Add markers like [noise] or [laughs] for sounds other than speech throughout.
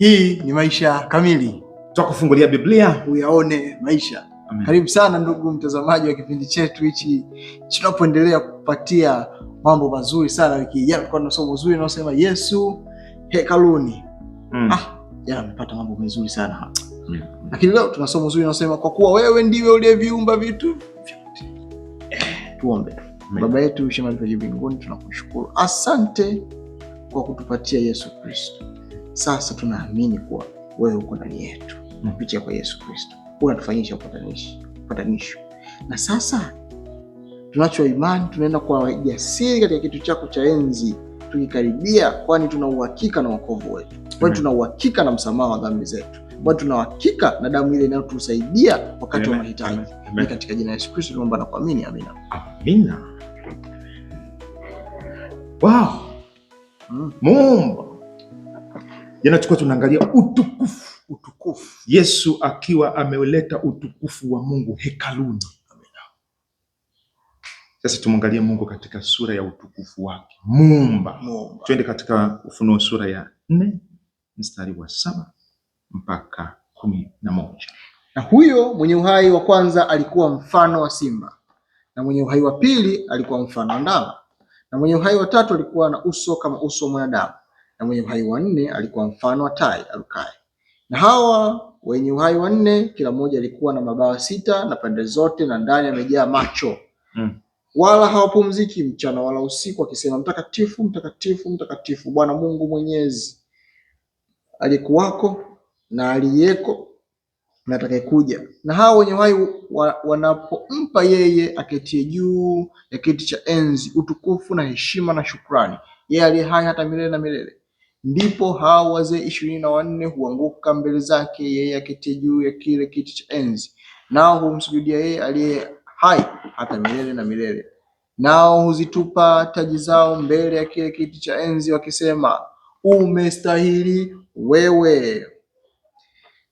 Hii ni Maisha Kamili, tutakufungulia Biblia uyaone maisha. Amen. Karibu sana ndugu mtazamaji wa kipindi chetu hichi tunapoendelea kupatia mambo mazuri sana. Wiki jana tulikuwa na somo zuri linalosema Yesu hekaluni. Mm. Ah, jana mambo mazuri sana hapa. Mm. Lakini leo tuna somo zuri linalosema kwa kuwa wewe ndiwe uliyeviumba vitu vyote. tuombe. Baba yetu shema mbinguni, tunakushukuru, asante kwa kutupatia Yesu Kristo sasa tunaamini kuwa wewe uko ndani yetu mm. kupitia kwa Yesu Kristo, unatufanyisha upatanisho na sasa tunacho imani, tunaenda kwa wajasiri katika kitu chako cha enzi tukikaribia, kwani tuna uhakika na wokovu wetu, kwani mm. tuna uhakika na msamaha wa dhambi zetu, kwani tuna uhakika na damu ile inayotusaidia wakati wa mahitaji. Ni katika jina la Yesu Kristo tunaomba na kuamini, amina. Amina. Wow. Mm. Mungu Jana tunaangalia utukufu, utukufu. Yesu akiwa ameleta utukufu wa Mungu hekaluni. Sasa tumwangalie Mungu katika sura ya utukufu wake Muumba. Twende katika Ufunuo sura ya nne mstari wa saba mpaka kumi na moja. Na huyo mwenye uhai wa kwanza alikuwa mfano wa simba, na mwenye uhai wa pili alikuwa mfano wa ndama, na mwenye uhai wa tatu alikuwa na uso kama uso wa mwanadamu na mwenye uhai wa nne alikuwa mfano wa tai arukaye. Na hawa wenye uhai wa nne, kila mmoja alikuwa na mabawa sita na pande zote, na ndani amejaa macho mm. wala hawapumziki mchana wala usiku, akisema, Mtakatifu, mtakatifu, mtakatifu, Bwana Mungu Mwenyezi, alikuwako na aliyeko na atakayekuja. Na hawa wenye uhai wa, wanapompa yeye aketie juu ya kiti cha enzi utukufu na heshima na shukrani, yeye aliye hai hata milele na milele ndipo hao wazee ishirini na wanne huanguka mbele zake yeye aketi juu ya kile kiti cha enzi, nao humsujudia yeye aliye hai hata milele na milele. Nao huzitupa taji zao mbele ya kile kiti cha enzi wakisema, umestahili wewe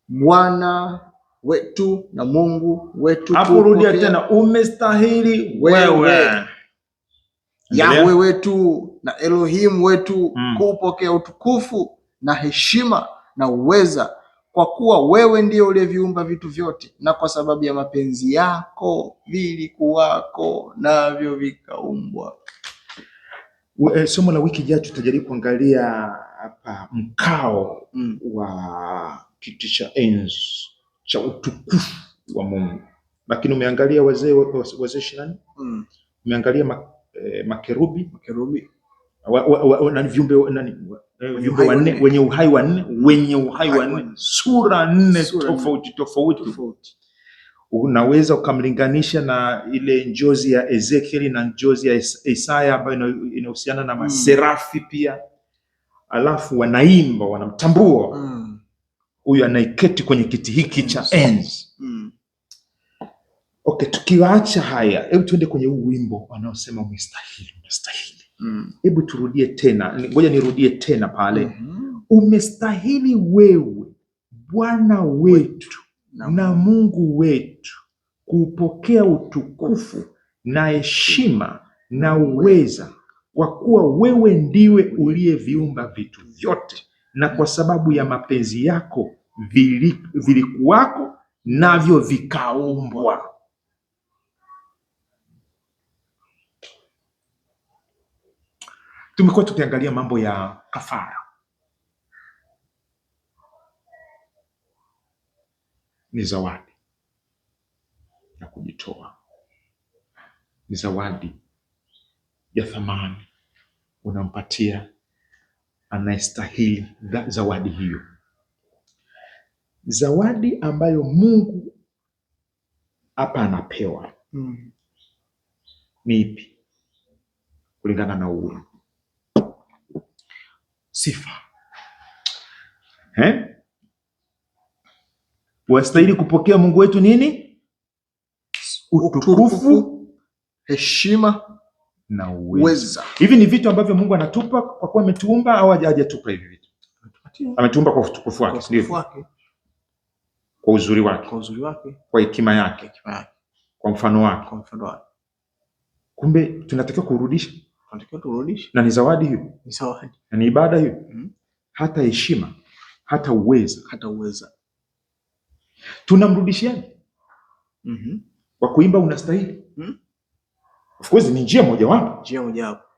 Bwana wetu na Mungu wetu. Hapo rudia tena, umestahili wewe. Yahwe wetu na Elohim wetu mm. kuupokea utukufu na heshima na uweza, kwa kuwa wewe ndiye uliyeviumba vitu vyote, na kwa sababu ya mapenzi yako vilikuwako navyo vikaumbwa. E, somo la wiki ijayo tutajaribu kuangalia hapa mkao mm. wa kiti cha enzi cha utukufu wa Mungu, lakini umeangalia wazee wazee ishirini na nne mm. umeangalia Eh, makerubi, makerubi na viumbe eh, wanne wenye uhai wanne wenye uhai wanne sura nne tofauti tofauti. Unaweza ukamlinganisha na ile njozi ya Ezekieli na njozi ya Isaya ambayo inahusiana na hmm. maserafi pia. Alafu wanaimba wanamtambua hmm. huyu, mm. kwenye kiti hiki cha hmm. enzi mm. Okay, tukiwaacha haya, hebu tuende kwenye huu wimbo wanaosema umestahili, umestahili. Mm. Hebu mm. turudie tena, ngoja nirudie tena pale mm -hmm. Umestahili wewe Bwana wetu na, na Mungu wetu kupokea utukufu na heshima na uweza, kwa kuwa wewe ndiwe uliyeviumba vitu vyote, na kwa sababu ya mapenzi yako vilikuwako, navyo vikaumbwa. tumekuwa tukiangalia mambo ya kafara. Ni zawadi ya kujitoa, ni zawadi ya thamani unampatia anayestahili zawadi hiyo, zawadi ambayo Mungu hapa anapewa mm. ni ipi kulingana na uhuru sifa eh? Wastahili kupokea Mungu wetu nini? Utukufu, heshima na uweza. Hivi ni vitu ambavyo Mungu anatupa kwa kuwa ametuumba, au hajatupa hivi vitu? Ametuumba kwa utukufu wake, ndio, kwa uzuri wake, kwa uzuri wake, kwa hekima yake, kwa mfano wake. Kumbe tunatakiwa kurudisha Tunatakiwa turudishe. Na ni zawadi hiyo. Ni zawadi. Na ni ibada hiyo. Mm. Hata heshima, hata uweza, hata uweza. tunamrudishiani Mhm. Mm Kwa kuimba unastahili. Mm. Of course ni njia mojawapo. Njia wapo.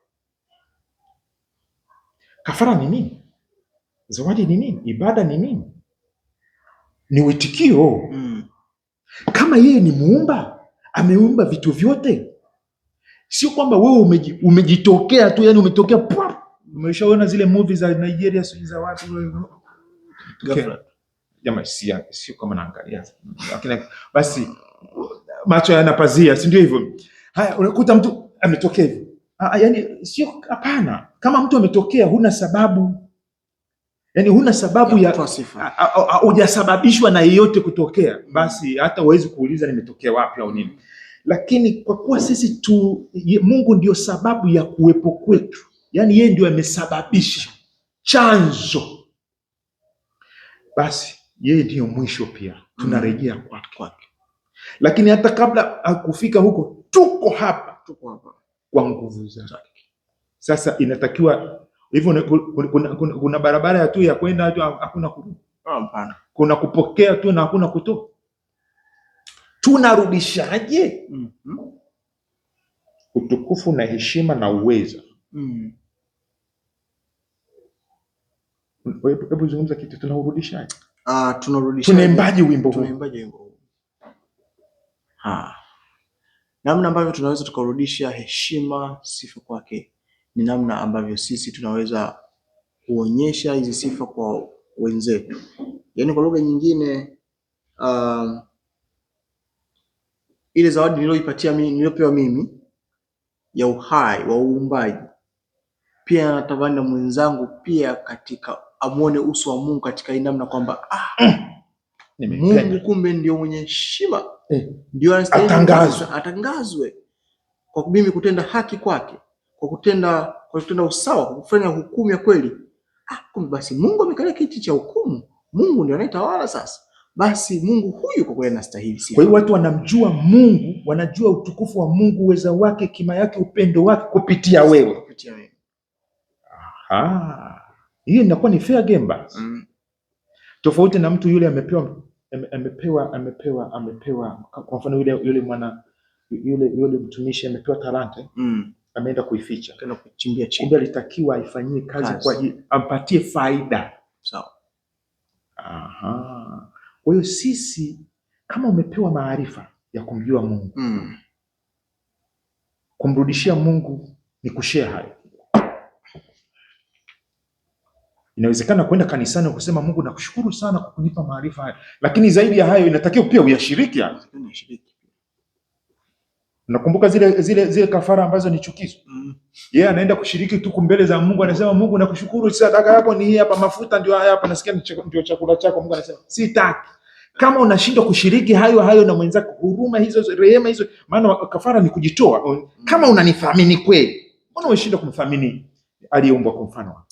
Kafara ni nini? Zawadi ni nini? Ibada ni nini? Ni witikio. Mm. Kama yeye ni muumba, ameumba vitu vyote sio kwamba wewe umejitokea tu, yani umetokea. Umeshaona zile movie za Nigeria, sio za watu ghafla, jamaa sio kama naangalia, lakini basi macho yana pazia, si ndio hivyo? Haya, unakuta mtu ametokea hivyo, ah, ah, yani sio, hapana. Kama mtu ametokea, huna sababu Yani huna sababu ya, hujasababishwa na yeyote kutokea, basi hata uwezi kuuliza nimetokea wapi au nini lakini kwa kuwa sisi tu, Mungu ndio sababu ya kuwepo kwetu, yaani yeye ndio amesababisha chanzo, basi yeye ndiyo mwisho pia, tunarejea kwake Lakini hata kabla akufika huko, tuko hapa, tuko hapa kwa nguvu zake. Sasa inatakiwa hivyo, kuna, kuna, kuna, kuna barabara tu ya kwenda tu, hakuna kurudi. Ah, hapana, kuna kupokea tu na hakuna kutoka tunarudishaje? mm -hmm. Utukufu na heshima na uweza. mm. Hebu zungumza kitu, tunaurudishaje? Ah, tunarudishaje? Tunaimbaje wimbo huu? Tunaimbaje wimbo huu? Ha. Namna ambavyo tunaweza tukarudisha heshima sifa kwake ni namna ambavyo sisi tunaweza kuonyesha hizi sifa kwa wenzetu, yaani kwa lugha nyingine uh, ile zawadi niliyoipatia mimi, niliyopewa mimi ya uhai wa uumbaji, pia natamani na mwenzangu pia katika amwone uso wa Mungu katika hii namna kwamba ah, [clears throat] Mungu kumbe ndio mwenye heshima eh, ndio anastahili atangazwe kwa mimi kutenda haki kwake, kwa kutenda kwa kutenda usawa, kwa kufanya hukumu ya kweli. Ah, kumbe basi Mungu amekalia kiti cha hukumu, Mungu ndio anayetawala sasa basi Mungu huyu kwa kweli anastahili. Kwa hiyo watu wanamjua Mungu, wanajua utukufu wa Mungu, uweza wake, kima yake, upendo wake kupitia wewe, kupitia wewe. Aha, hiyo inakuwa ni fair game basi mm. Tofauti na mtu yule amepewa amepewa amepewa amepewa, kwa mfano yule yule mwana yule yule mtumishi amepewa talanta mm. ameenda kuificha, kana kuchimbia chini, alitakiwa aifanyie kazi, kazi kwa ampatie faida sawa. Aha. Kwa hiyo sisi kama umepewa maarifa ya kumjua Mungu mm. kumrudishia Mungu ni kushare hayo. Inawezekana kwenda kanisani na kusema Mungu nakushukuru sana kwa kunipa maarifa haya, lakini zaidi ya hayo inatakiwa pia uyashiriki. Nakumbuka zile zile zile kafara ambazo ni chukizo mm. yeye yeah, anaenda kushiriki tu mbele za Mungu, anasema Mungu nakushukuru, sadaka yako ni hii hapa, mafuta ndio haya hapa, nasikia ndio chakula chako. Mungu anasema sitaki kama unashindwa kushiriki hayo hayo na mwenzako, huruma hizo, rehema hizo, maana kafara ni kujitoa. Kama unanithamini kweli, mbona umeshindwa kumthamini aliyeumbwa kwa mfano wako?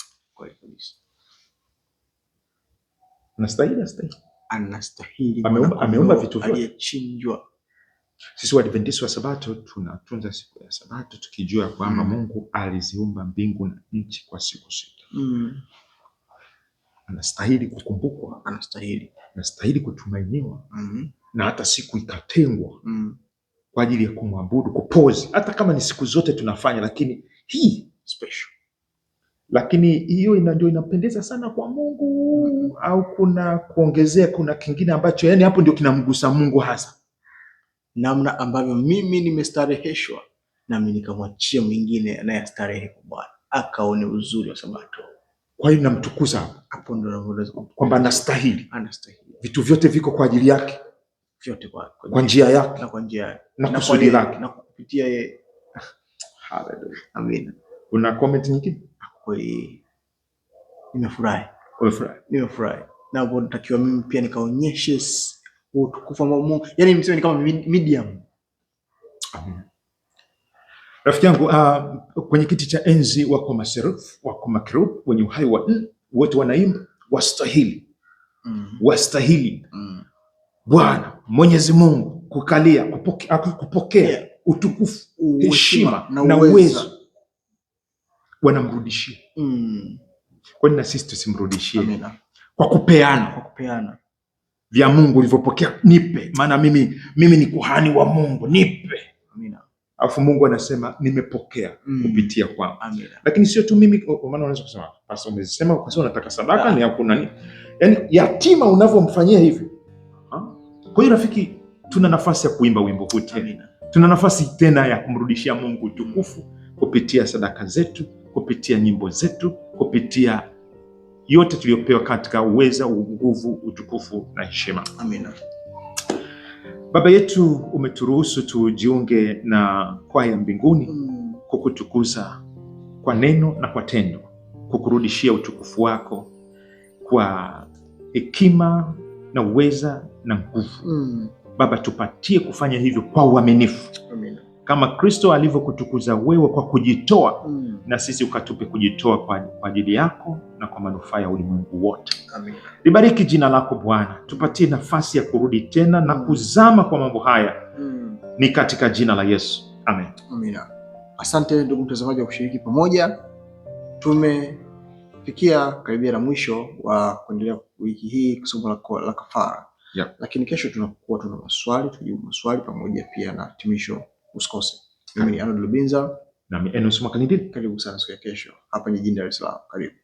Anastahili, anastahili, ameumba vitu vyote, aliyechinjwa. Sisi Waadventista wa Sabato tunatunza siku ya Sabato tukijua kwamba mm. Mungu aliziumba mbingu na nchi kwa siku sita mm anastahili kukumbukwa, anastahili anastahili kutumainiwa mm -hmm. na hata siku ikatengwa mm -hmm. kwa ajili ya kumwabudu kupozi, hata kama ni siku zote tunafanya, lakini hii special lakini hiyo ndio inapendeza sana kwa Mungu au kuna kuongezea, kuna kingine ambacho yani hapo ndio kinamgusa Mungu hasa, namna ambavyo mimi nimestareheshwa, nami nikamwachia mwingine anayestarehe kwa Bwana akaone uzuri wa Sabato. Kwa hiyo namtukuza hapo, ndo kwamba anastahili, anastahili. Vitu vyote viko kwa ajili yake, vyote kwa, kwa kwa njia yake na kwa njia na kusudi lake na kupitia yeye. [laughs] Haleluya, amina. Kuna comment nyingine? Nimefurahi, nimefurahi na napo, natakiwa mimi pia nikaonyeshe utukufu wa Mungu, yani mseme ni kama medium. Amina. Rafiki yangu uh, kwenye kiti cha enzi wako maseruf, wako makerub wenye uhai wa wote wanaimba wastahili mm. wastahili mm. Bwana Mwenyezi Mungu kukalia kupokea, ah, kupokea yeah. utukufu, heshima na uwezo. Wanamrudishia mm. kwani na sisi tusimrudishie? Amina. Kwa kupeana, kwa kupeana vya Mungu ulivyopokea nipe, maana mimi, mimi ni kuhani wa Mungu nipe Alafu Mungu anasema nimepokea mm. kupitia kwao. Lakini sio tu mimi, kwa maana unaweza kusema basi umesema kwa sababu unataka sadaka ah. ni hakuna nini. Yaani yatima unavyomfanyia hivi. Kwa hiyo rafiki, tuna nafasi ya kuimba wimbo huu tena. Tuna nafasi tena ya kumrudishia Mungu utukufu kupitia sadaka zetu, kupitia nyimbo zetu, kupitia yote tuliyopewa katika uweza, nguvu, utukufu na heshima. Amina. Baba yetu umeturuhusu tujiunge na kwaya mbinguni mm. kukutukuza kwa neno na kwa tendo, kukurudishia utukufu wako kwa hekima na uweza na nguvu mm. Baba, tupatie kufanya hivyo kwa uaminifu Amina kama Kristo alivyokutukuza wewe kwa kujitoa mm. na sisi ukatupe kujitoa kwa ajili yako na kwa manufaa ya ulimwengu wote. Amen. Libariki jina lako Bwana, tupatie nafasi ya kurudi tena na mm. kuzama kwa mambo haya mm. ni katika jina la Yesu Amen. Amina. Asante ndugu mtazamaji wa kushiriki pamoja, tumefikia karibia na mwisho wa kuendelea wiki hii somo la kafara yeah. Lakini kesho tunakuwa tuna maswali, tujibu maswali pamoja pia na hitimisho usikose. ni Arnold Lubinza na Enos Makanidi. karibu sana siku ya kesho hapa jijini Dar es Salaam. Karibu.